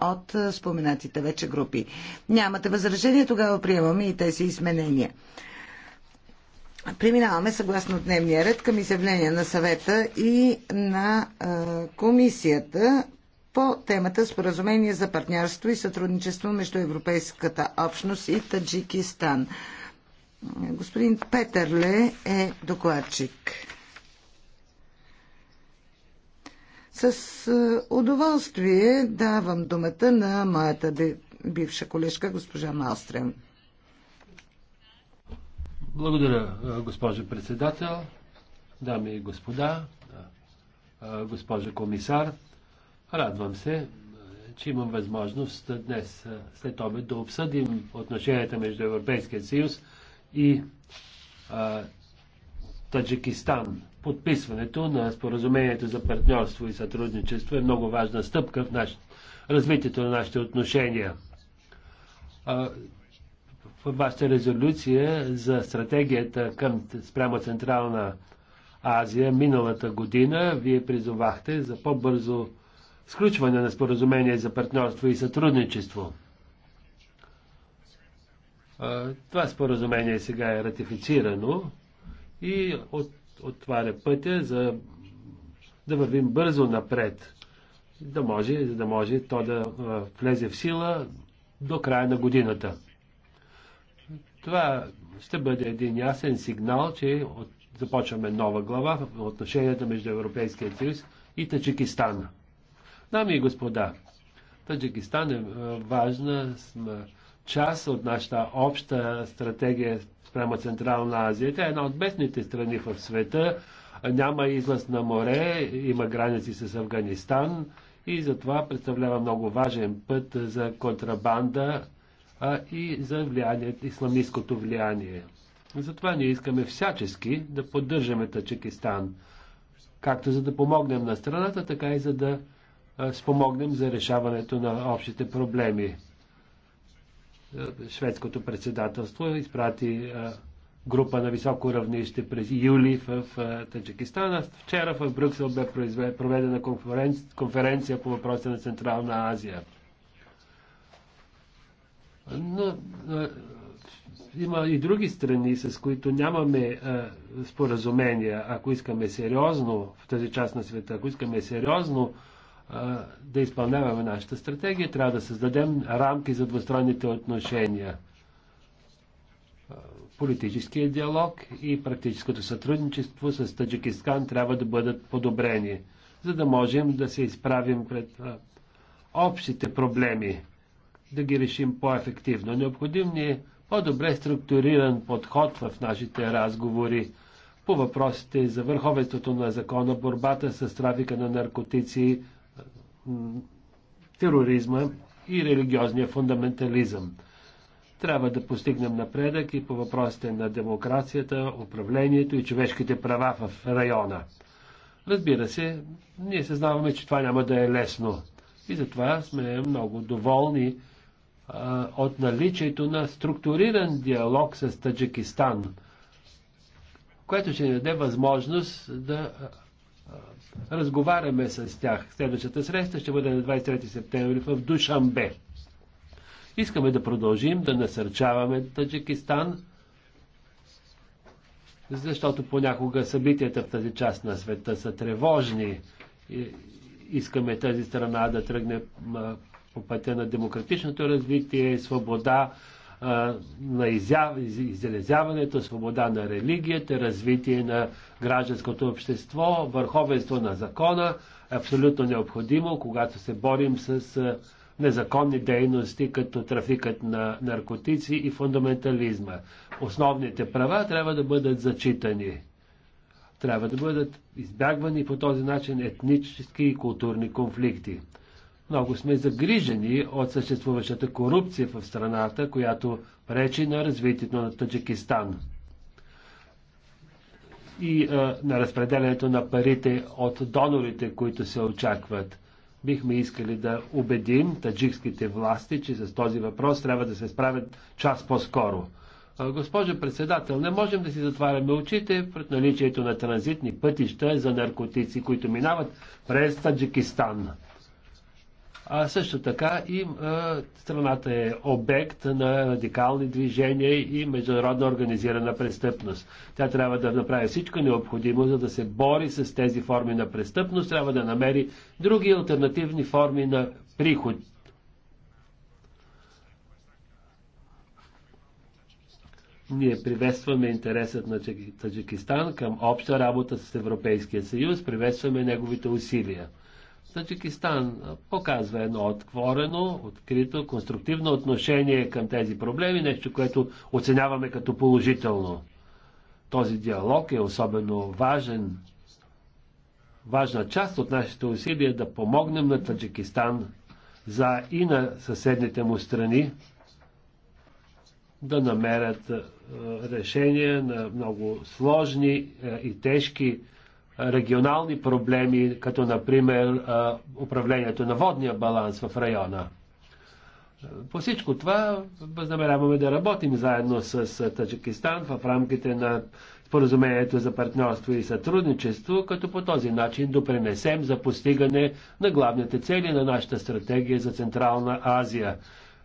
от е, споменатите вече групи. Нямате възражение, тогава приемаме и тези изменения. Преминаваме съгласно дневния ред към изявление на съвета и на е, комисията по темата Споразумение за партньорство и сътрудничество между Европейската общност и Таджикистан. Господин Петърле е докладчик. С е, удоволствие давам думата на моята бивша колежка, госпожа Малстрем. Благодаря, е, госпожо председател, дами и господа, е, госпожо комисар. Радвам се, че имам възможност днес след обед да обсъдим отношенията между Европейския съюз и а, Таджикистан. Подписването на споразумението за партньорство и сътрудничество е много важна стъпка в наш... развитието на нашите отношения. В вашата резолюция за стратегията към спрямо Централна Азия миналата година вие призовахте за по-бързо сключване на споразумение за партньорство и сътрудничество. Това споразумение сега е ратифицирано и от отваря пътя за да вървим бързо напред, да може, за да може то да влезе в сила до края на годината. Това ще бъде един ясен сигнал, че от, започваме нова глава в отношенията между Европейския съюз и Таджикистан. Дами и господа, Таджикистан е важна част от нашата обща стратегия спрямо Централна Азия. Тя е една от бедните страни в света. Няма излъз на море, има граници с Афганистан и затова представлява много важен път за контрабанда а и за влияние, исламистското влияние. Затова ние искаме всячески да поддържаме Таджикистан, както за да помогнем на страната, така и за да спомогнем за решаването на общите проблеми шведското председателство изпрати група на високо равнище през юли в Таджикистан. Вчера в Брюксел бе проведена конференция по въпроса на Централна Азия. Но, има и други страни, с които нямаме а, споразумения. Ако искаме сериозно в тази част на света, ако искаме сериозно да изпълняваме нашата стратегия, трябва да създадем рамки за двустранните отношения. Политическия диалог и практическото сътрудничество с Таджикистан трябва да бъдат подобрени, за да можем да се изправим пред общите проблеми, да ги решим по-ефективно. Необходим ни е по-добре структуриран подход в нашите разговори по въпросите за върховенството на закона, борбата с трафика на наркотици, тероризма и религиозния фундаментализъм. Трябва да постигнем напредък и по въпросите на демокрацията, управлението и човешките права в района. Разбира се, ние съзнаваме, че това няма да е лесно. И затова сме много доволни а, от наличието на структуриран диалог с Таджикистан, което ще даде възможност да разговаряме с тях. Следващата среща ще бъде на 23 септември в Душамбе. Искаме да продължим да насърчаваме Таджикистан, защото понякога събитията в тази част на света са тревожни. Искаме тази страна да тръгне по пътя на демократичното развитие, свобода, на изяв... изразяването, свобода на религията, развитие на гражданското общество, върховенство на закона, абсолютно необходимо, когато се борим с незаконни дейности, като трафикът на наркотици и фундаментализма. Основните права трябва да бъдат зачитани. Трябва да бъдат избягвани по този начин етнически и културни конфликти. Много сме загрижени от съществуващата корупция в страната, която пречи на развитието на Таджикистан и а, на разпределянето на парите от донорите, които се очакват. Бихме искали да убедим таджикските власти, че с този въпрос трябва да се справят час по-скоро. Госпожо председател, не можем да си затваряме очите пред наличието на транзитни пътища за наркотици, които минават през Таджикистан. А също така и а, страната е обект на радикални движения и международна организирана престъпност. Тя трябва да направи всичко необходимо, за да се бори с тези форми на престъпност, трябва да намери други альтернативни форми на приход. Ние приветстваме интересът на Таджикистан към обща работа с Европейския съюз, приветстваме неговите усилия. Таджикистан показва едно отворено, открито, конструктивно отношение към тези проблеми, нещо, което оценяваме като положително. Този диалог е особено важен, важна част от нашите усилия да помогнем на Таджикистан за и на съседните му страни да намерят решения на много сложни и тежки регионални проблеми, като например управлението на водния баланс в района. По всичко това възнамеряваме да работим заедно с Таджикистан в рамките на споразумението за партньорство и сътрудничество, като по този начин допринесем за постигане на главните цели на нашата стратегия за Централна Азия.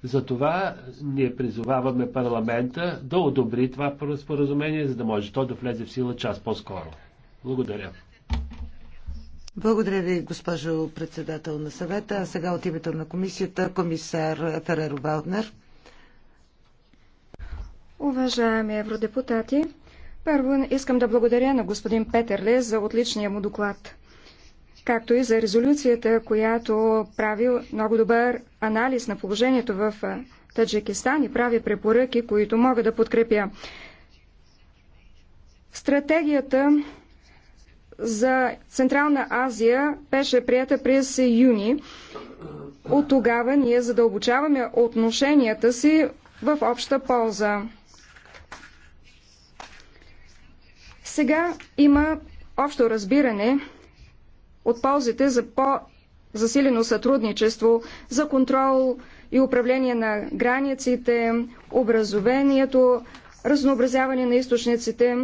Затова ние призоваваме парламента да одобри това споразумение, за да може то да влезе в сила час по-скоро. Благодаря. Благодаря ви, госпожо председател на съвета. А сега от името на комисията, комисар Фереро Валднер. Уважаеми евродепутати, първо искам да благодаря на господин Петерле за отличния му доклад, както и за резолюцията, която прави много добър анализ на положението в Таджикистан и прави препоръки, които мога да подкрепя. Стратегията за Централна Азия беше прията през юни. От тогава ние задълбочаваме отношенията си в обща полза. Сега има общо разбиране от ползите за по-засилено сътрудничество, за контрол и управление на границите, образованието, разнообразяване на източниците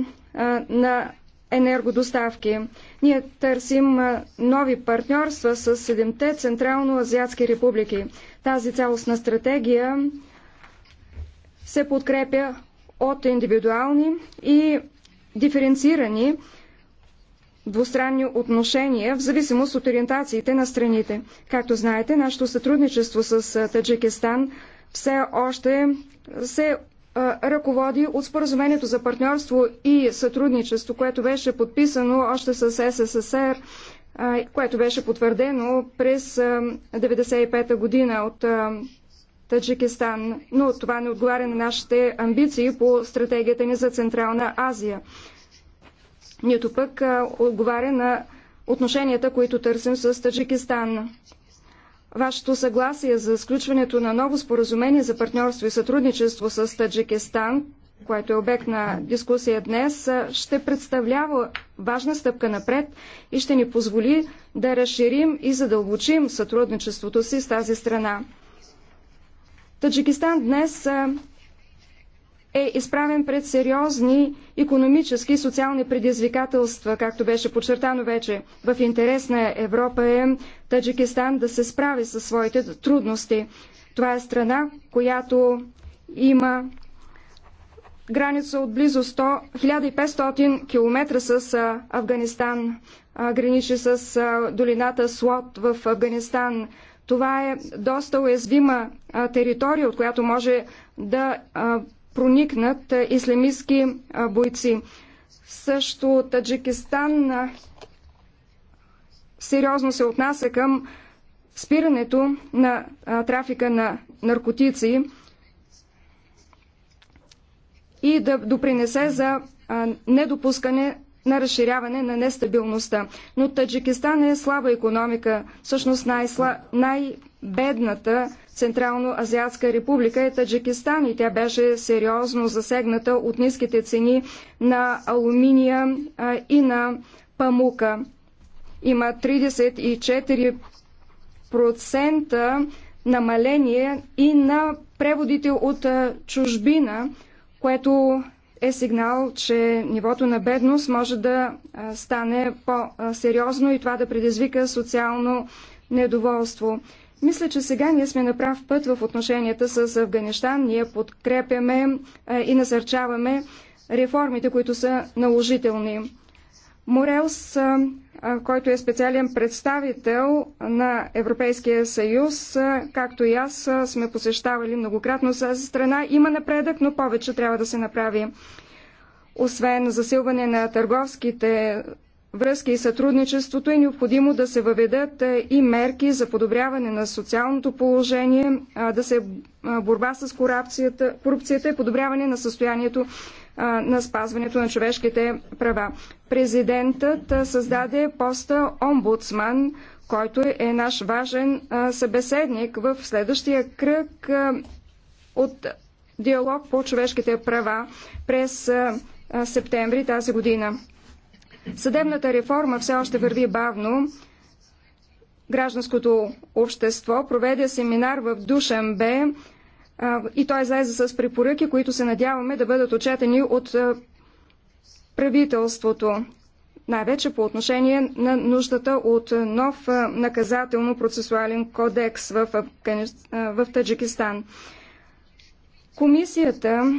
на енергодоставки. Ние търсим нови партньорства с седемте Централно-Азиатски републики. Тази цялостна стратегия се подкрепя от индивидуални и диференцирани двустранни отношения в зависимост от ориентациите на страните. Както знаете, нашето сътрудничество с Таджикистан все още се ръководи от споразумението за партньорство и сътрудничество, което беше подписано още с СССР, което беше потвърдено през 1995 година от Таджикистан, но това не отговаря на нашите амбиции по стратегията ни за Централна Азия. Нито пък отговаря на отношенията, които търсим с Таджикистан вашето съгласие за сключването на ново споразумение за партньорство и сътрудничество с Таджикистан, което е обект на дискусия днес, ще представлява важна стъпка напред и ще ни позволи да разширим и задълбочим сътрудничеството си с тази страна. Таджикистан днес е изправен пред сериозни економически и социални предизвикателства, както беше подчертано вече. В интерес на Европа е Таджикистан да се справи със своите трудности. Това е страна, която има граница от близо 100, 1500 км с Афганистан, граничи с долината Слот в Афганистан. Това е доста уязвима територия, от която може да проникнат е, ислямистски е, бойци. Също Таджикистан е, сериозно се отнася към спирането на трафика на наркотици и да допринесе за недопускане на разширяване на нестабилността. Но Таджикистан е слаба економика, всъщност най-бедната Централно-Азиатска република е Таджикистан и тя беше сериозно засегната от ниските цени на алуминия и на памука. Има 34% намаление и на преводите от чужбина, което е сигнал, че нивото на бедност може да стане по-сериозно и това да предизвика социално недоволство. Мисля, че сега ние сме на прав път в отношенията с Афганистан. Ние подкрепяме и насърчаваме реформите, които са наложителни. Морелс, който е специален представител на Европейския съюз, както и аз, сме посещавали многократно с страна. Има напредък, но повече трябва да се направи. Освен засилване на търговските връзки и сътрудничеството е необходимо да се въведат е, и мерки за подобряване на социалното положение, да се борба с корупцията, корупцията и подобряване на състоянието на спазването на човешките права. Президентът създаде поста омбудсман, който е наш важен събеседник в следващия кръг от диалог по човешките права през септември тази година. Съдебната реформа все още върви бавно. Гражданското общество проведе семинар в Душанбе и той излезе с препоръки, които се надяваме да бъдат отчетени от правителството най-вече по отношение на нуждата от нов наказателно-процесуален кодекс в, в Таджикистан. Комисията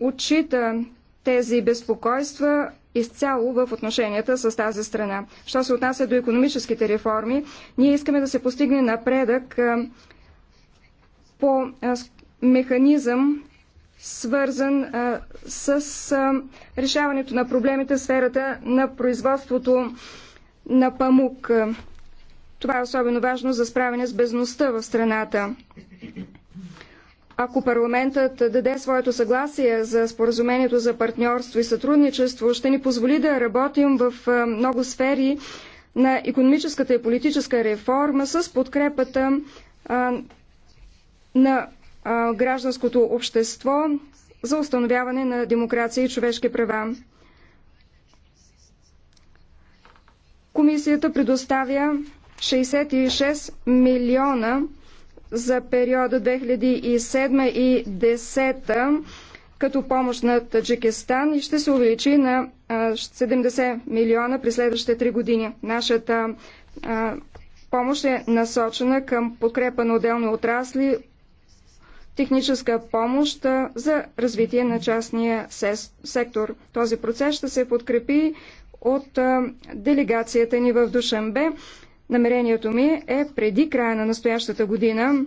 отчита тези безпокойства изцяло в отношенията с тази страна. Що се отнася до економическите реформи, ние искаме да се постигне напредък по механизъм, свързан с решаването на проблемите в сферата на производството на памук. Това е особено важно за справяне с безността в страната. Ако парламентът даде своето съгласие за споразумението за партньорство и сътрудничество, ще ни позволи да работим в много сфери на економическата и политическа реформа с подкрепата на гражданското общество за установяване на демокрация и човешки права. Комисията предоставя 66 милиона за периода 2007 и 2010 като помощ на Таджикистан и ще се увеличи на 70 милиона през следващите три години. Нашата помощ е насочена към подкрепа на отделни отрасли, техническа помощ за развитие на частния сектор. Този процес ще се подкрепи от делегацията ни в Душанбе. Намерението ми е преди края на настоящата година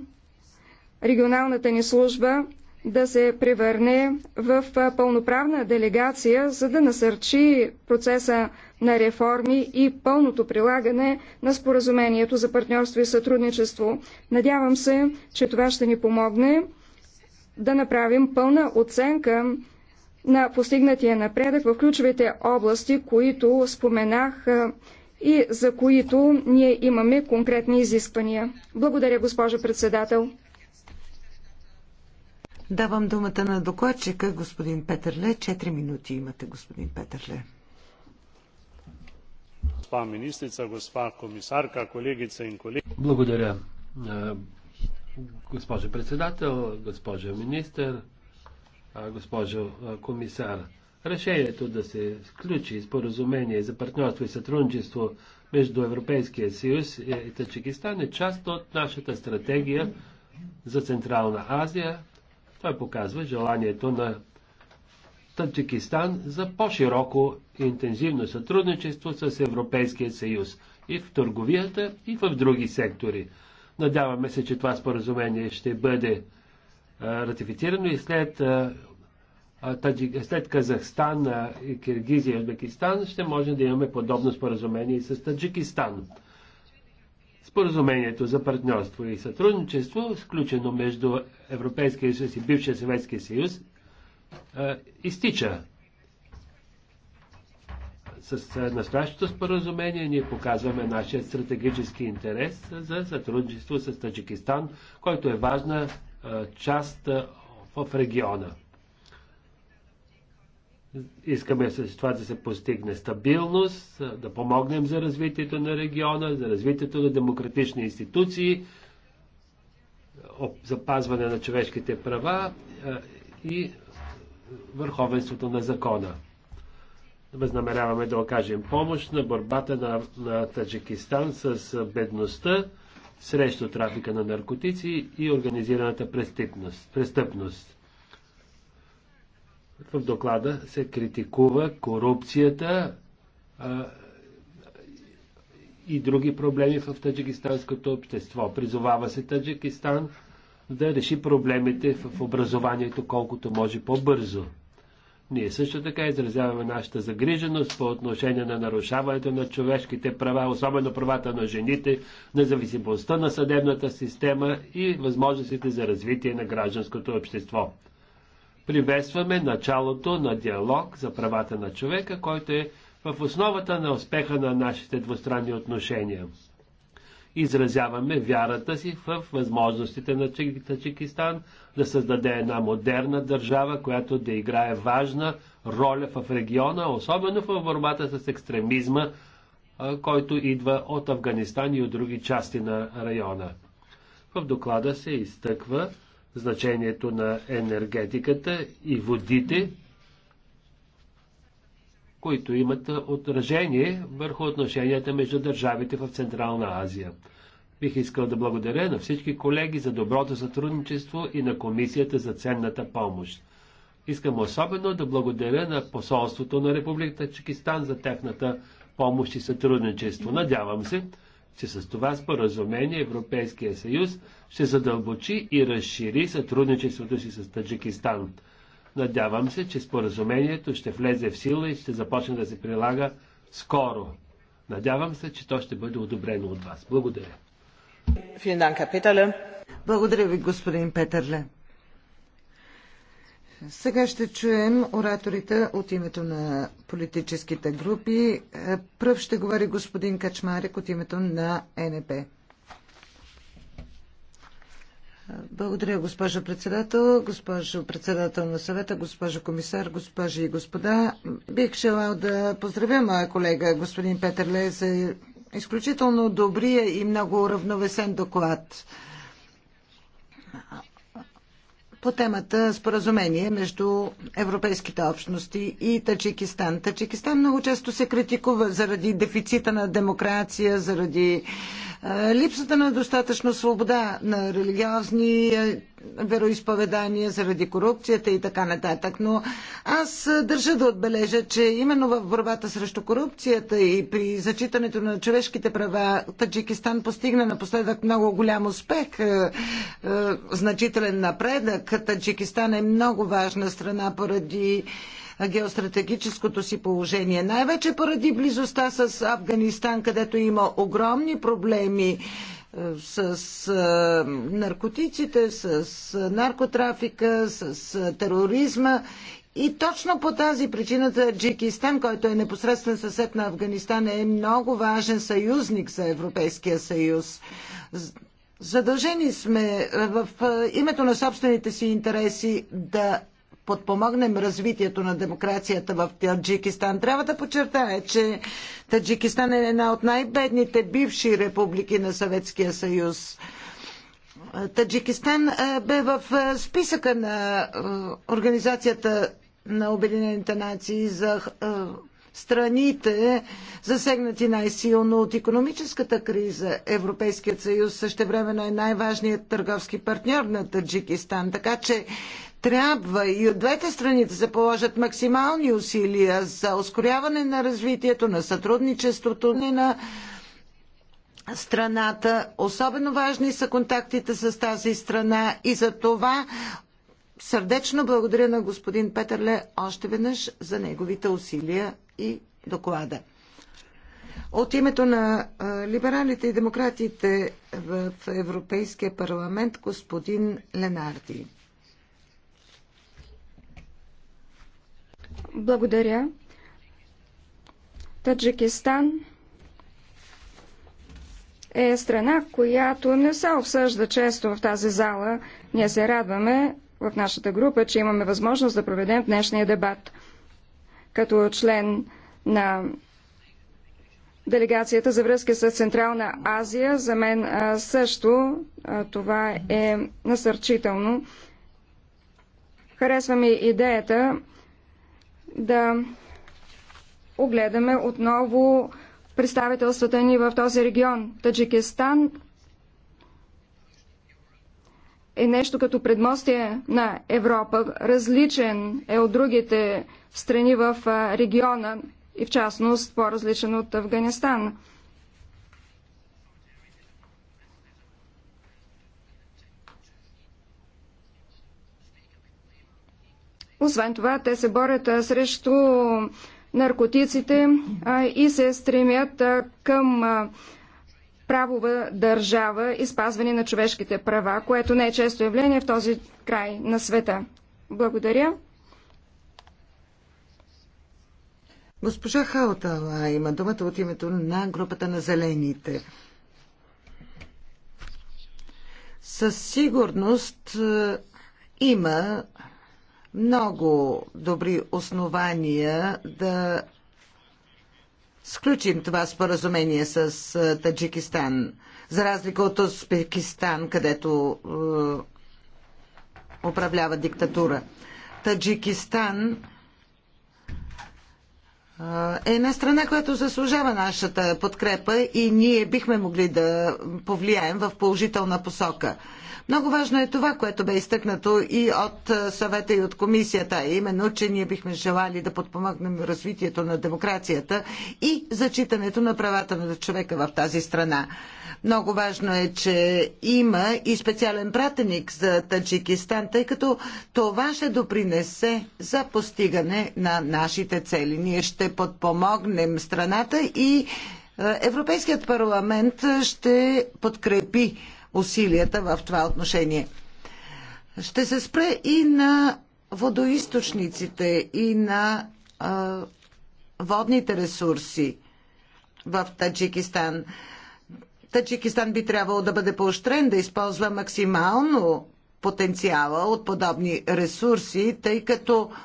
регионалната ни служба да се превърне в пълноправна делегация, за да насърчи процеса на реформи и пълното прилагане на споразумението за партньорство и сътрудничество. Надявам се, че това ще ни помогне да направим пълна оценка на постигнатия напредък в ключовите области, които споменах и за които ние имаме конкретни изисквания. Благодаря, госпожа председател. Давам думата на докладчика, господин Петърле. Четири минути имате, господин Петърле. Госпа министрица, госпа комисарка, колегица и колеги. Благодаря. госпожа председател, госпожа министр, госпожа комисар. Решението да се включи споразумение за партньорство и сътрудничество между Европейския съюз и Таджикистан е част от нашата стратегия за Централна Азия. Той показва желанието на Таджикистан за по-широко и интензивно сътрудничество с Европейския съюз и в търговията, и в други сектори. Надяваме се, че това споразумение ще бъде ратифицирано и след след Казахстан, Киргизия и Узбекистан ще можем да имаме подобно споразумение и с Таджикистан. Споразумението за партньорство и сътрудничество, сключено между Европейския съюз и бившия Съветския съюз, изтича. С настоящото споразумение ние показваме нашия стратегически интерес за сътрудничество с Таджикистан, който е важна част в региона. Искаме с това да се постигне стабилност, да помогнем за развитието на региона, за развитието на демократични институции, запазване на човешките права и върховенството на закона. Възнамеряваме да окажем помощ на борбата на, на Таджикистан с бедността, срещу трафика на наркотици и организираната престъпност. престъпност в доклада се критикува корупцията а, и други проблеми в таджикистанското общество. Призовава се Таджикистан да реши проблемите в образованието колкото може по-бързо. Ние също така изразяваме нашата загриженост по отношение на нарушаването на човешките права, особено правата на жените, независимостта на съдебната система и възможностите за развитие на гражданското общество приветстваме началото на диалог за правата на човека, който е в основата на успеха на нашите двустранни отношения. Изразяваме вярата си в възможностите на Таджикистан да създаде една модерна държава, която да играе важна роля в региона, особено в борбата с екстремизма, който идва от Афганистан и от други части на района. В доклада се изтъква, значението на енергетиката и водите, които имат отражение върху отношенията между държавите в Централна Азия. Бих искал да благодаря на всички колеги за доброто сътрудничество и на Комисията за ценната помощ. Искам особено да благодаря на посолството на Република Чекистан за техната помощ и сътрудничество. Надявам се, че с това споразумение Европейския съюз ще задълбочи и разшири сътрудничеството си с Таджикистан. Надявам се, че споразумението ще влезе в сила и ще започне да се прилага скоро. Надявам се, че то ще бъде одобрено от вас. Благодаря. Благодаря ви, господин Петърле. Сега ще чуем ораторите от името на политическите групи. Е, пръв ще говори господин Качмарик от името на НП. Е, благодаря, госпожо председател, госпожо председател на съвета, госпожо комисар, госпожи и господа. Бих желал да поздравя моя колега господин Петър Ле за изключително добрия и много уравновесен доклад по темата споразумение между европейските общности и Таджикистан. Таджикистан много често се критикува заради дефицита на демокрация, заради липсата на достатъчно свобода на религиозни вероисповедания, заради корупцията и така нататък. Но аз държа да отбележа, че именно в борбата срещу корупцията и при зачитането на човешките права Таджикистан постигна напоследък много голям успех, е, е, значителен напредък. Таджикистан е много важна страна поради геостратегическото си положение. Най-вече поради близостта с Афганистан, където има огромни проблеми с наркотиците, с наркотрафика, с тероризма. И точно по тази причина Таджикистан, който е непосредствен съсед на Афганистан, е много важен съюзник за Европейския съюз. Задължени сме в името на собствените си интереси да подпомогнем развитието на демокрацията в Таджикистан. Трябва да подчертая, че Таджикистан е една от най-бедните бивши републики на Съветския съюз. Таджикистан бе в списъка на Организацията на Обединените нации за страните, засегнати най-силно от економическата криза. Европейският съюз същевременно е най-важният търговски партньор на Таджикистан, така че трябва и от двете страни да се положат максимални усилия за ускоряване на развитието, на сътрудничеството, на страната. Особено важни са контактите с тази страна и за това Сърдечно благодаря на господин Петърле още веднъж за неговите усилия и доклада. От името на либералите и демократите в Европейския парламент господин Ленарди. Благодаря. Таджикистан е страна, която не се обсъжда често в тази зала. Ние се радваме, в нашата група, че имаме възможност да проведем днешния дебат. Като член на делегацията за връзки с Централна Азия, за мен също това е насърчително. Харесва ми идеята да огледаме отново представителствата ни в този регион. Таджикистан е нещо като предмостие на Европа, различен е от другите страни в региона и в частност по-различен от Афганистан. Освен това, те се борят срещу наркотиците и се стремят към правова държава и спазване на човешките права, което не е често явление в този край на света. Благодаря. Госпожа Хаотала има думата от името на групата на зелените. Със сигурност е, има много добри основания да сключим това споразумение с Таджикистан, за разлика от Узбекистан, където е, управлява диктатура. Таджикистан е една страна, която заслужава нашата подкрепа и ние бихме могли да повлияем в положителна посока. Много важно е това, което бе изтъкнато и от съвета и от комисията, именно, че ние бихме желали да подпомогнем развитието на демокрацията и зачитането на правата на човека в тази страна. Много важно е, че има и специален пратеник за Таджикистан, тъй като това ще допринесе за постигане на нашите цели. Ние ще подпомогнем страната и е, Европейският парламент ще подкрепи усилията в това отношение. Ще се спре и на водоисточниците и на а, е, водните ресурси в Таджикистан. Таджикистан би трябвало да бъде поощрен да използва максимално потенциала от подобни ресурси, тъй като а,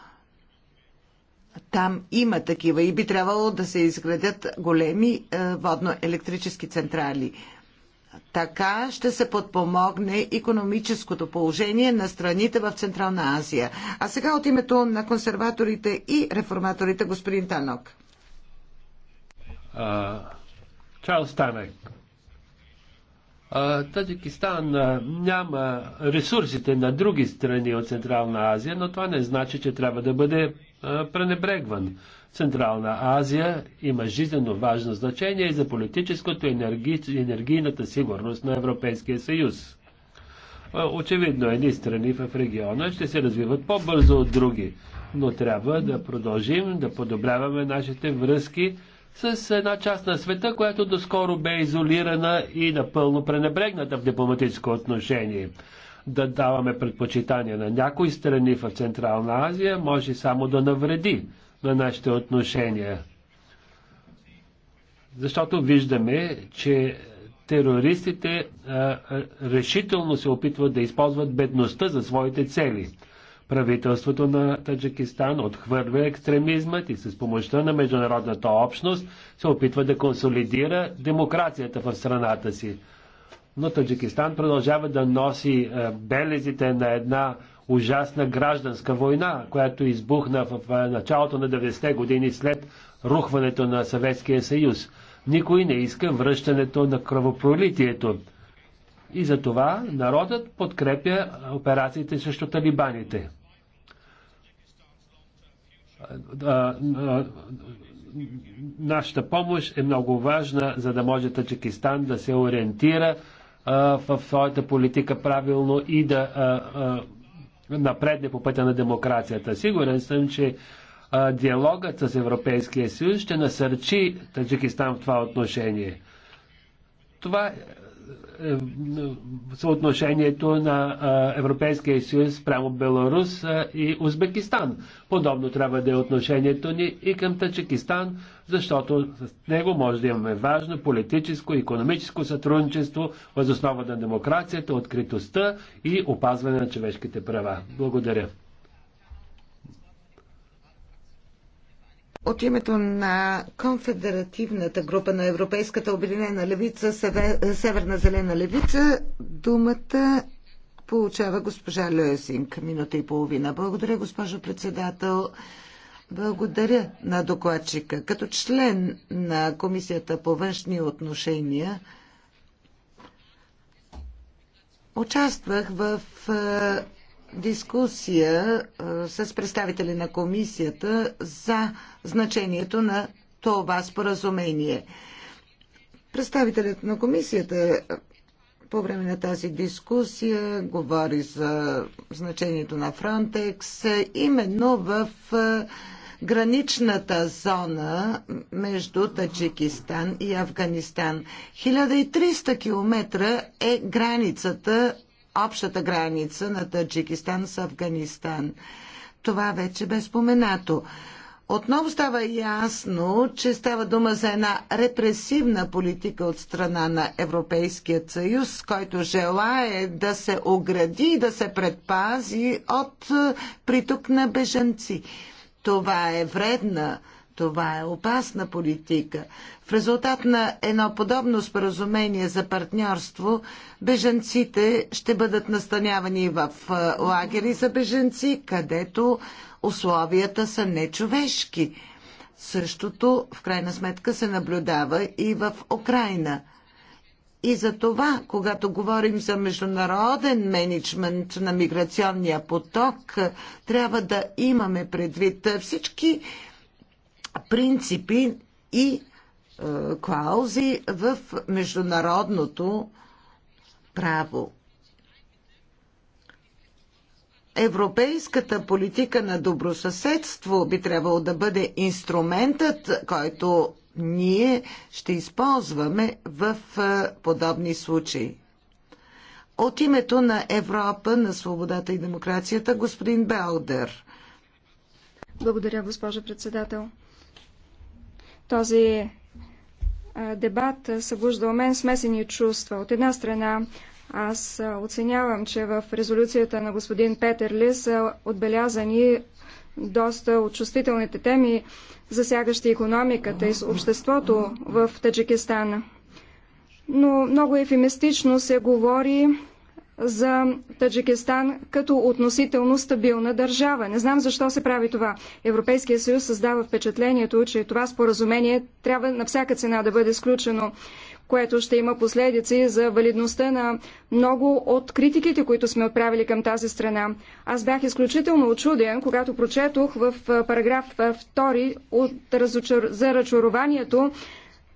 там има такива и би трябвало да се изградят големи е, водно-електрически централи. Така ще се подпомогне економическото положение на страните в Централна Азия. А сега от името на консерваторите и реформаторите, господин Танок. Чарлз Танек. Таджикистан няма ресурсите на други страни от Централна Азия, но това не значи, че трябва да бъде пренебрегван. Централна Азия има жизненно важно значение и за политическото и енерги... енергийната сигурност на Европейския съюз. Очевидно, едни страни в региона ще се развиват по-бързо от други, но трябва да продължим да подобряваме нашите връзки с една част на света, която доскоро бе изолирана и напълно пренебрегната в дипломатическо отношение да даваме предпочитания на някои страни в Централна Азия, може само да навреди на нашите отношения. Защото виждаме, че терористите а, решително се опитват да използват бедността за своите цели. Правителството на Таджикистан отхвърля екстремизмът и с помощта на международната общност се опитва да консолидира демокрацията в страната си но Таджикистан продължава да носи е, белезите на една ужасна гражданска война, която избухна в е, началото на 90-те години след рухването на Съветския съюз. Никой не иска връщането на кръвопролитието. И за това народът подкрепя операциите срещу талибаните. Е, нашата помощ е много важна, за да може Таджикистан да се ориентира в своята политика правилно и да напредне по пътя на демокрацията. Сигурен съм, че диалогът с Европейския съюз ще насърчи Таджикистан в това отношение. Това е, е съотношението на Европейския съюз прямо Беларус и Узбекистан. Подобно трябва да е отношението ни и към Таджикистан, защото с него може да имаме важно политическо и економическо сътрудничество въз основа на демокрацията, откритостта и опазване на човешките права. Благодаря. От името на конфедеративната група на Европейската обединена левица, Северна зелена левица, думата получава госпожа Лесинг. Минута и половина. Благодаря, госпожо председател. Благодаря на докладчика. Като член на Комисията по външни отношения участвах в дискусия с представители на комисията за значението на това споразумение. Представителят на комисията по време на тази дискусия говори за значението на Фронтекс именно в граничната зона между Таджикистан и Афганистан. 1300 км е границата, общата граница на Таджикистан с Афганистан. Това вече бе споменато. Отново става ясно, че става дума за една репресивна политика от страна на Европейския съюз, който желае да се огради и да се предпази от приток на бежанци. Това е вредна, това е опасна политика. В резултат на едно подобно споразумение за партньорство, бежанците ще бъдат настанявани в лагери за бежанци, където условията са нечовешки. Същото, в крайна сметка, се наблюдава и в Украина – и за това, когато говорим за международен менеджмент на миграционния поток, трябва да имаме предвид всички принципи и е, клаузи в международното право. Европейската политика на добросъседство би трябвало да бъде инструментът, който ние ще използваме в подобни случаи. От името на Европа, на свободата и демокрацията, господин Белдер. Благодаря, госпожо председател. Този дебат събужда у мен смесени чувства. От една страна, аз оценявам, че в резолюцията на господин Петерли са отбелязани доста от чувствителните теми, засягащи економиката и обществото в Таджикистан. Но много ефемистично се говори за Таджикистан като относително стабилна държава. Не знам защо се прави това. Европейския съюз създава впечатлението, че това споразумение трябва на всяка цена да бъде сключено което ще има последици за валидността на много от критиките, които сме отправили към тази страна. Аз бях изключително очуден, когато прочетох в параграф 2 от разочар... за разочарованието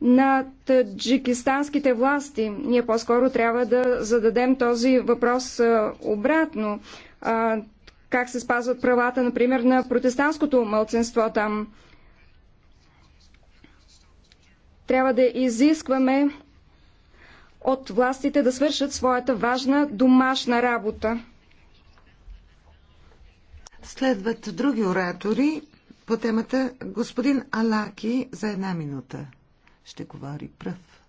на таджикистанските власти. Ние по-скоро трябва да зададем този въпрос обратно. Как се спазват правата, например, на протестантското мълценство там? трябва да изискваме от властите да свършат своята важна домашна работа. Следват други оратори по темата господин Алаки за една минута. Ще говори пръв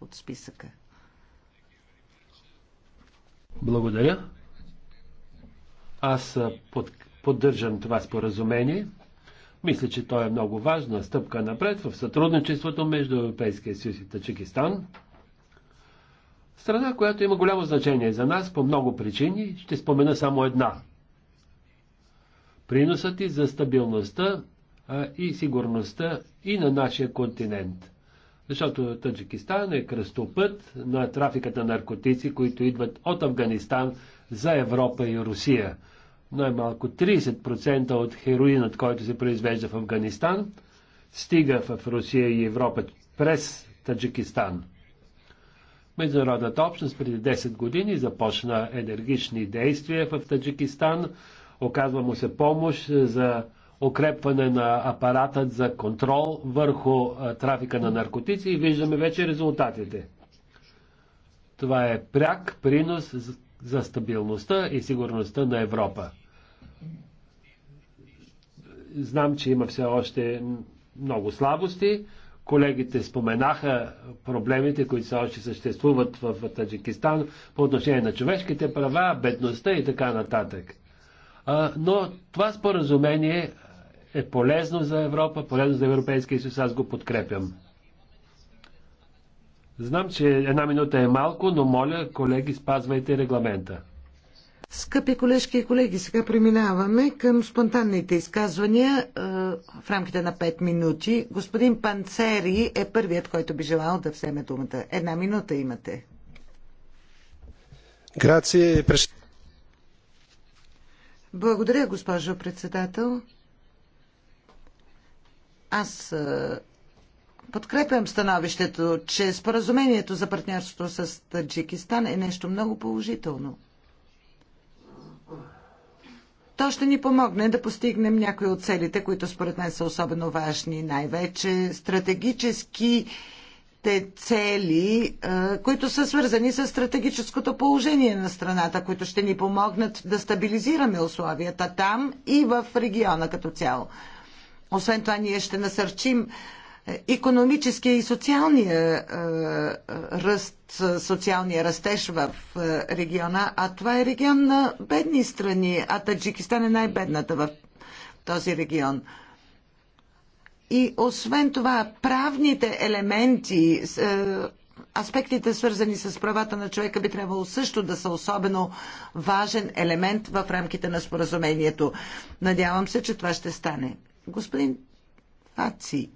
от списъка. Благодаря. Аз под, поддържам това споразумение. Мисля, че то е много важна стъпка напред в сътрудничеството между Европейския съюз и Таджикистан. Страна, която има голямо значение за нас по много причини, ще спомена само една. Приносът и за стабилността а, и сигурността и на нашия континент. Защото Таджикистан е кръстопът на трафиката на наркотици, които идват от Афганистан за Европа и Русия. Най-малко 30% от хероинът, който се произвежда в Афганистан, стига в Русия и Европа през Таджикистан. Международната общност преди 10 години започна енергични действия в Таджикистан. Оказва му се помощ за укрепване на апаратът за контрол върху трафика на наркотици и виждаме вече резултатите. Това е пряк принос за стабилността и сигурността на Европа. Знам, че има все още много слабости, Колегите споменаха проблемите, които са още съществуват в Таджикистан по отношение на човешките права, бедността и така нататък. Но това споразумение е полезно за Европа, полезно за Европейския съюз, аз го подкрепям. Знам, че една минута е малко, но моля, колеги, спазвайте регламента. Скъпи колежки и колеги, сега преминаваме към спонтанните изказвания е, в рамките на 5 минути. Господин Панцери е първият, който би желал да вземе думата. Една минута имате. Грация, благодаря, госпожо председател. Аз е, подкрепям становището, че споразумението за партньорство с Таджикистан е нещо много положително. То ще ни помогне да постигнем някои от целите, които според мен са особено важни. Най-вече стратегически те цели, които са свързани с стратегическото положение на страната, които ще ни помогнат да стабилизираме условията там и в региона като цяло. Освен това, ние ще насърчим економическия и социалния е, е, ръст, е, социалния растеж в региона, а това е регион на бедни страни, а Таджикистан е най-бедната в този регион. И освен това, правните елементи, аспектите свързани с правата на човека би трябвало също да са особено важен елемент в рамките на споразумението. Надявам се, че това ще стане. Господин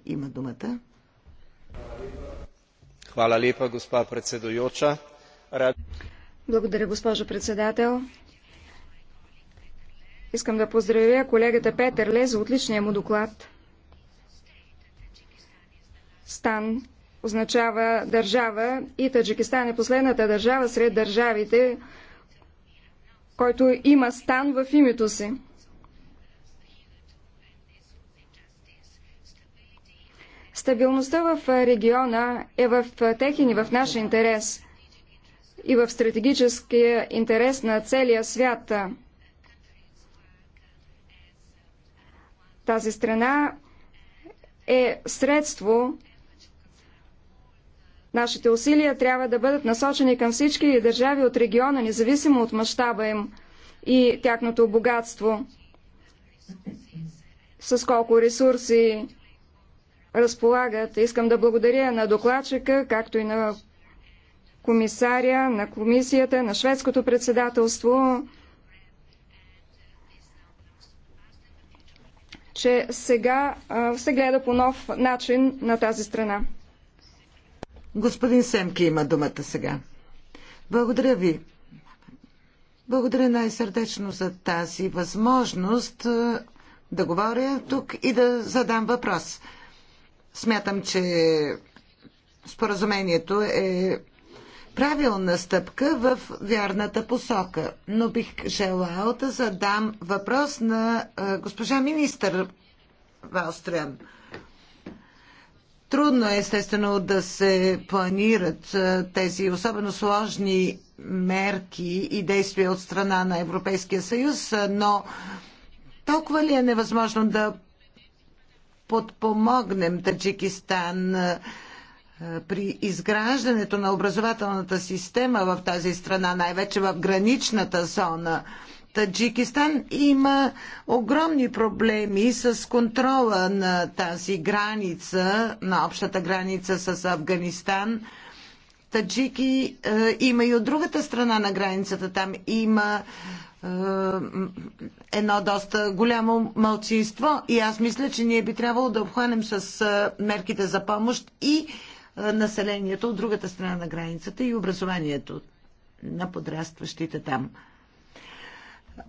има думата. Хвала лепа, госпа председуюча. Благодаря, госпожо председател. Искам да поздравя колегата Петър Ле за отличния му доклад. Стан означава държава и Таджикистан е последната държава сред държавите, който има стан в името си. Стабилността в региона е в техен и в наш интерес и в стратегическия интерес на целия свят. Тази страна е средство. Нашите усилия трябва да бъдат насочени към всички държави от региона, независимо от мащаба им и тяхното богатство. С колко ресурси разполагат. Искам да благодаря на докладчика, както и на комисаря, на комисията, на шведското председателство, че сега се гледа по нов начин на тази страна. Господин Семки има думата сега. Благодаря ви. Благодаря най-сърдечно за тази възможност да говоря тук и да задам въпрос. Смятам, че споразумението е правилна стъпка в вярната посока. Но бих желал да задам въпрос на госпожа министър Валстрем. Трудно е, естествено, да се планират тези особено сложни мерки и действия от страна на Европейския съюз, но толкова ли е невъзможно да подпомогнем Таджикистан при изграждането на образователната система в тази страна, най-вече в граничната зона. Таджикистан има огромни проблеми с контрола на тази граница, на общата граница с Афганистан. Таджики е, има и от другата страна на границата. Там има е, е, едно доста голямо мълчинство и аз мисля, че ние би трябвало да обхванем с е, мерките за помощ и е, населението от другата страна на границата и образованието на подрастващите там.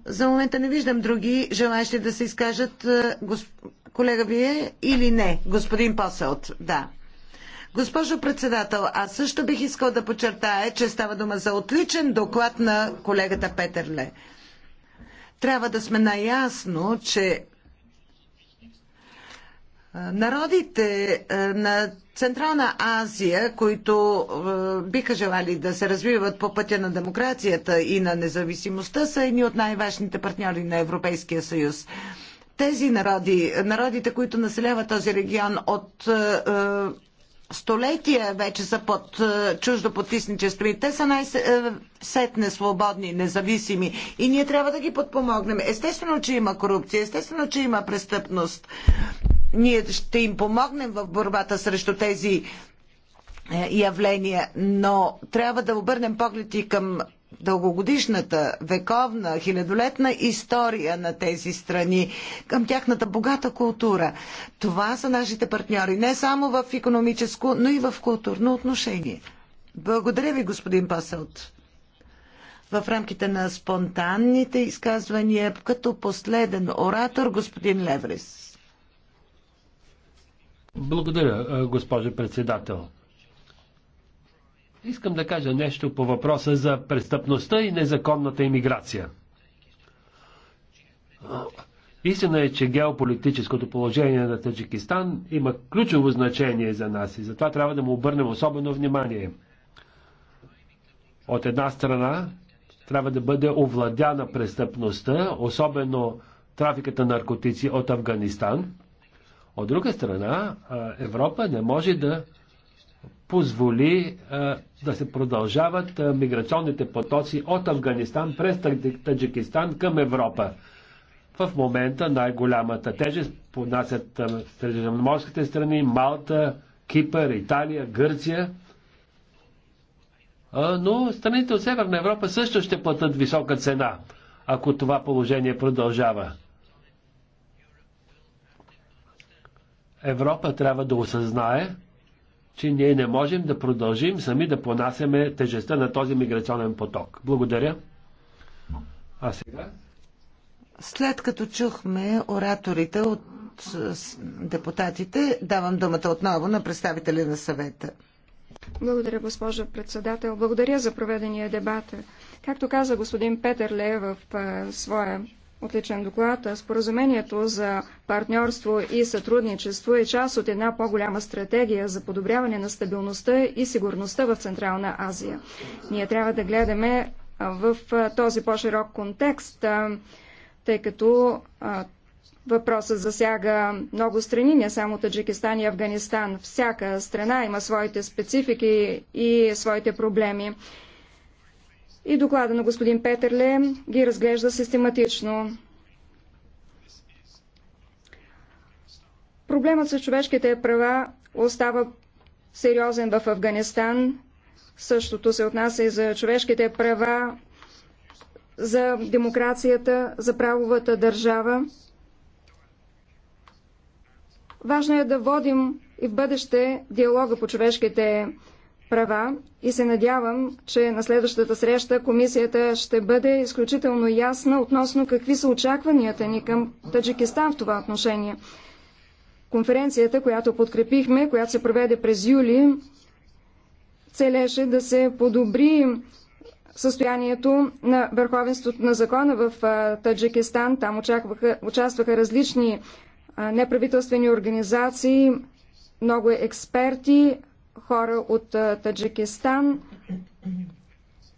За момента не виждам други желаящи да се изкажат. Колега вие или не? Господин Поселт, да. Госпожо председател, аз също бих искал да подчертая, че става дума за отличен доклад на колегата Петърле трябва да сме наясно, че Народите на Централна Азия, които биха желали да се развиват по пътя на демокрацията и на независимостта, са едни от най-важните партньори на Европейския съюз. Тези народи, народите, които населяват този регион от столетия вече са под е, чуждо потисничество и те са най-сетне свободни, независими и ние трябва да ги подпомогнем. Естествено, че има корупция, естествено, че има престъпност. Ние ще им помогнем в борбата срещу тези е, явления, но трябва да обърнем поглед и към дългогодишната, вековна, хилядолетна история на тези страни, към тяхната богата култура. Това са нашите партньори, не само в економическо, но и в културно отношение. Благодаря ви, господин Паселт. В рамките на спонтанните изказвания, като последен оратор, господин Леврис. Благодаря, госпожо председател. Искам да кажа нещо по въпроса за престъпността и незаконната иммиграция. Истина е, че геополитическото положение на Таджикистан има ключово значение за нас и затова трябва да му обърнем особено внимание. От една страна трябва да бъде овладяна престъпността, особено трафиката на наркотици от Афганистан. От друга страна, Европа не може да позволи а, е, да се продължават а, е, миграционните потоци от Афганистан през Таджикистан към Европа. В момента най-голямата тежест поднасят е, средиземноморските страни Малта, Кипър, Италия, Гърция. А, но страните от Северна Европа също ще платят висока цена, ако това положение продължава. Европа трябва да осъзнае, че ние не можем да продължим сами да понасяме тежестта на този миграционен поток. Благодаря. А сега? След като чухме ораторите от депутатите, давам думата отново на представители на съвета. Благодаря, госпожо председател. Благодаря за проведения дебат. Както каза господин Петър Лев в своя отличен доклад. Споразумението за партньорство и сътрудничество е част от една по-голяма стратегия за подобряване на стабилността и сигурността в Централна Азия. Ние трябва да гледаме в този по-широк контекст, тъй като въпросът засяга много страни, не само Таджикистан и Афганистан. Всяка страна има своите специфики и своите проблеми и доклада на господин Петърле ги разглежда систематично. Проблемът с човешките права остава сериозен в Афганистан. Същото се отнася и за човешките права, за демокрацията, за правовата държава. Важно е да водим и в бъдеще диалога по човешките права права и се надявам, че на следващата среща комисията ще бъде изключително ясна относно какви са очакванията ни към Таджикистан в това отношение. Конференцията, която подкрепихме, която се проведе през юли, целеше да се подобри състоянието на върховенството на закона в Таджикистан. Там очакваха, участваха различни неправителствени организации, много експерти, хора от Таджикистан.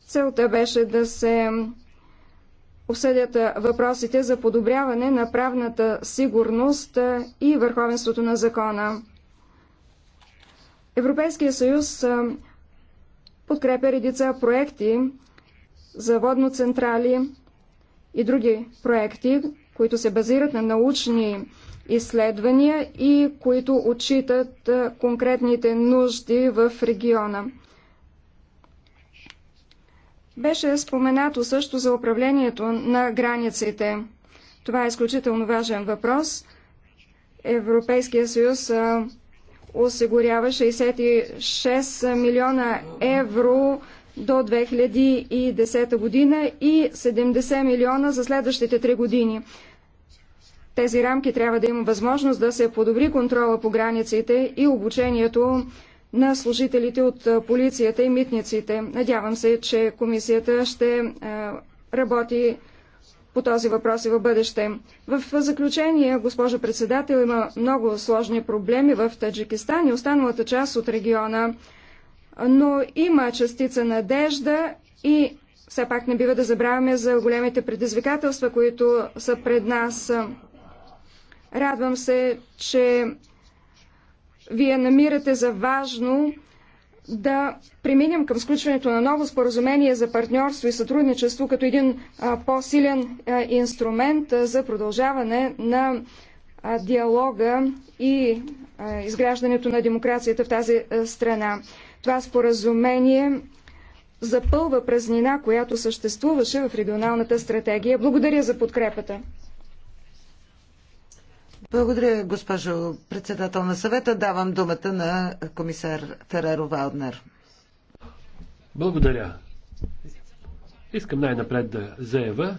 Целта беше да се обсъдят въпросите за подобряване на правната сигурност и върховенството на закона. Европейския съюз подкрепя редица проекти за водноцентрали и други проекти, които се базират на научни изследвания и които отчитат конкретните нужди в региона. Беше споменато също за управлението на границите. Това е изключително важен въпрос. Европейския съюз осигурява 66 милиона евро до 2010 година и 70 милиона за следващите 3 години тези рамки трябва да има възможност да се подобри контрола по границите и обучението на служителите от полицията и митниците. Надявам се, че комисията ще работи по този въпрос и в бъдеще. В заключение, госпожо председател, има много сложни проблеми в Таджикистан и останалата част от региона, но има частица надежда и все пак не бива да забравяме за големите предизвикателства, които са пред нас. Радвам се, че вие намирате за важно да преминем към сключването на ново споразумение за партньорство и сътрудничество като един по-силен инструмент за продължаване на диалога и изграждането на демокрацията в тази страна. Това споразумение запълва празнина, която съществуваше в регионалната стратегия. Благодаря за подкрепата. Благодаря, госпожо председател на съвета. Давам думата на комисар Фереро Валднер. Благодаря. Искам най-напред да заявя,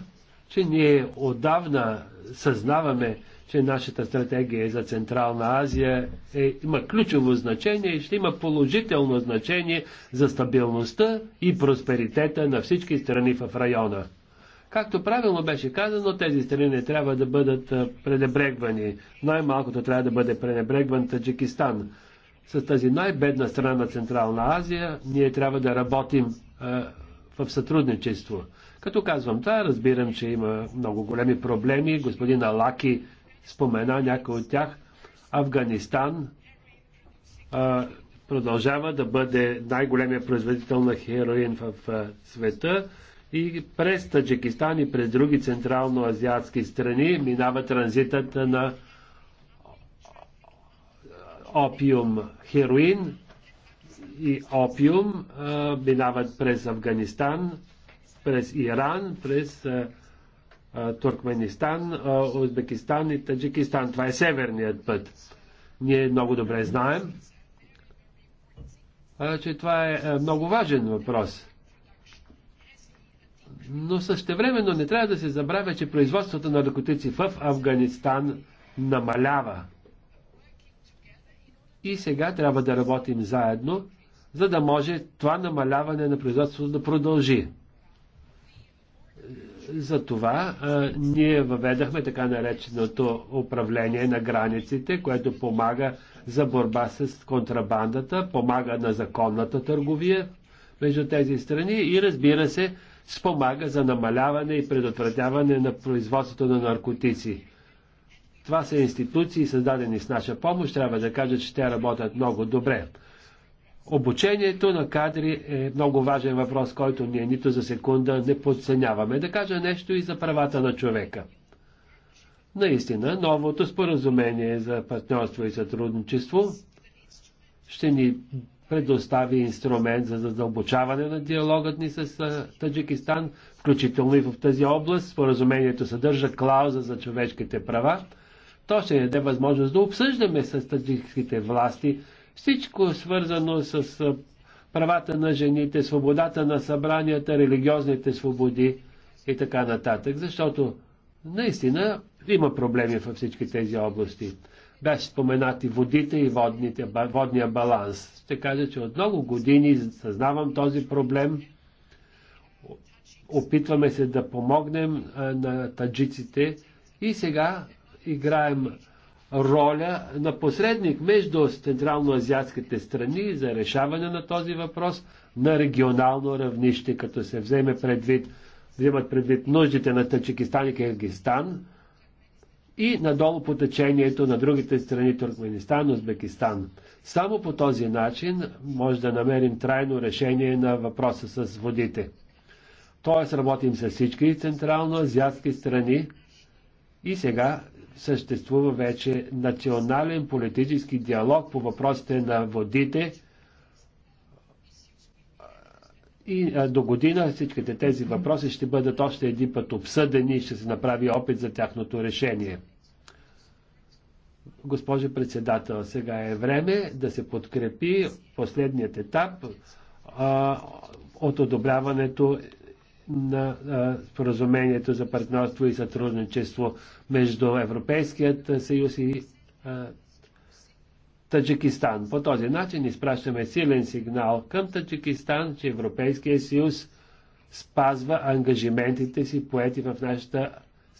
че ние отдавна съзнаваме, че нашата стратегия за Централна Азия е, има ключово значение и ще има положително значение за стабилността и просперитета на всички страни в района. Както правилно беше казано, тези страни не трябва да бъдат пренебрегвани. Най-малкото трябва да бъде пренебрегван Таджикистан. С тази най-бедна страна на Централна Азия ние трябва да работим в сътрудничество. Като казвам това, да, разбирам, че има много големи проблеми. Господин Алаки спомена някой от тях. Афганистан а, продължава да бъде най-големия производител на хероин в а, света и през Таджикистан и през други централно-азиатски страни минава транзитът на опиум, хероин и опиум а, минават през Афганистан, през Иран, през а, а, Туркменистан, а, Узбекистан и Таджикистан. Това е северният път. Ние много добре знаем, а, че това е а, много важен въпрос. Но същевременно не трябва да се забравя, че производството на наркотици в Афганистан намалява. И сега трябва да работим заедно, за да може това намаляване на производството да продължи. Затова а, ние въведахме така нареченото управление на границите, което помага за борба с контрабандата, помага на законната търговия между тези страни и разбира се, спомага за намаляване и предотвратяване на производството на наркотици. Това са институции, създадени с наша помощ. Трябва да кажа, че те работят много добре. Обучението на кадри е много важен въпрос, който ние нито за секунда не подценяваме. Да кажа нещо и за правата на човека. Наистина, новото споразумение за партньорство и сътрудничество ще ни предостави инструмент за задълбочаване на диалогът ни с Таджикистан, включително и в тази област. Споразумението съдържа клауза за човешките права. То ще ни даде възможност да обсъждаме с таджикските власти всичко свързано с правата на жените, свободата на събранията, религиозните свободи и така нататък, защото наистина има проблеми във всички тези области. Беше споменати водите и водните, водния баланс. Ще кажа, че от много години съзнавам този проблем. Опитваме се да помогнем на таджиците и сега играем роля на посредник между централноазиатските страни за решаване на този въпрос на регионално равнище, като се вземе предвид, вземат предвид нуждите на Таджикистан и Киргизстан, и надолу по течението на другите страни Туркменистан, Узбекистан. Само по този начин може да намерим трайно решение на въпроса с водите. Тоест работим с всички централно-азиатски страни и сега съществува вече национален политически диалог по въпросите на водите и до година всичките тези въпроси ще бъдат още един път обсъдени и ще се направи опит за тяхното решение. Госпожо председател, сега е време да се подкрепи последният етап а, от одобряването на а, споразумението за партньорство и сътрудничество между Европейският съюз и а, Таджикистан. По този начин изпращаме силен сигнал към Таджикистан, че Европейския съюз спазва ангажиментите си, поети в нашата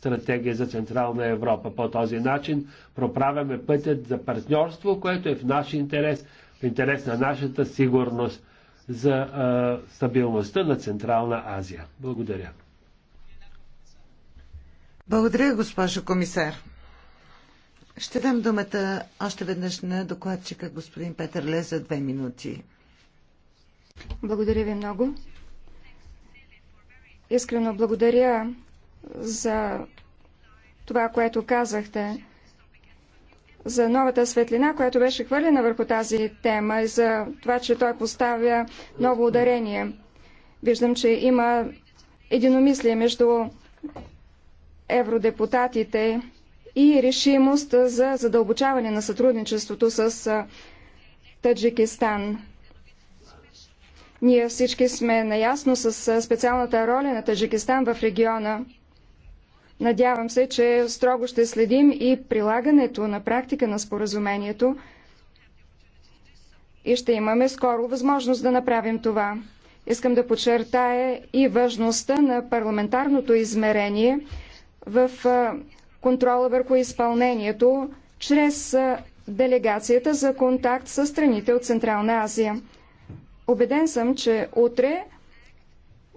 стратегия за Централна Европа. По този начин проправяме пътят за партньорство, което е в наш интерес, в интерес на нашата сигурност за а, стабилността на Централна Азия. Благодаря. Благодаря, госпожо комисар. Ще дам думата още веднъж на докладчика господин Петър Ле за две минути. Благодаря ви много. Искрено благодаря за това, което казахте, за новата светлина, която беше хвърлена върху тази тема и за това, че той поставя ново ударение. Виждам, че има единомислие между евродепутатите и решимост за задълбочаване на сътрудничеството с Таджикистан. Ние всички сме наясно с специалната роля на Таджикистан в региона. Надявам се, че строго ще следим и прилагането на практика на споразумението и ще имаме скоро възможност да направим това. Искам да подчертая и важността на парламентарното измерение в контрола върху изпълнението чрез делегацията за контакт с страните от Централна Азия. Обеден съм, че утре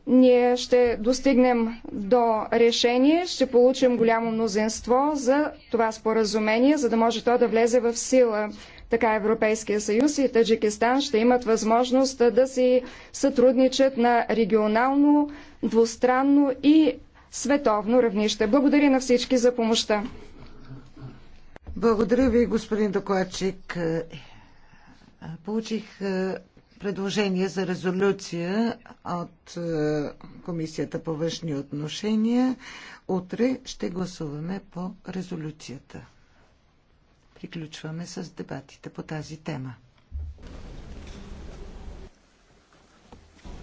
ние ще достигнем до решение, ще получим голямо мнозинство за това споразумение, за да може то да влезе в сила. Така Европейския съюз и Таджикистан ще имат възможност да си сътрудничат на регионално, двустранно и световно равнище. Благодаря на всички за помощта. Благодаря ви, господин докладчик. Получих предложение за резолюция от е, Комисията по външни отношения. Утре ще гласуваме по резолюцията. Приключваме с дебатите по тази тема.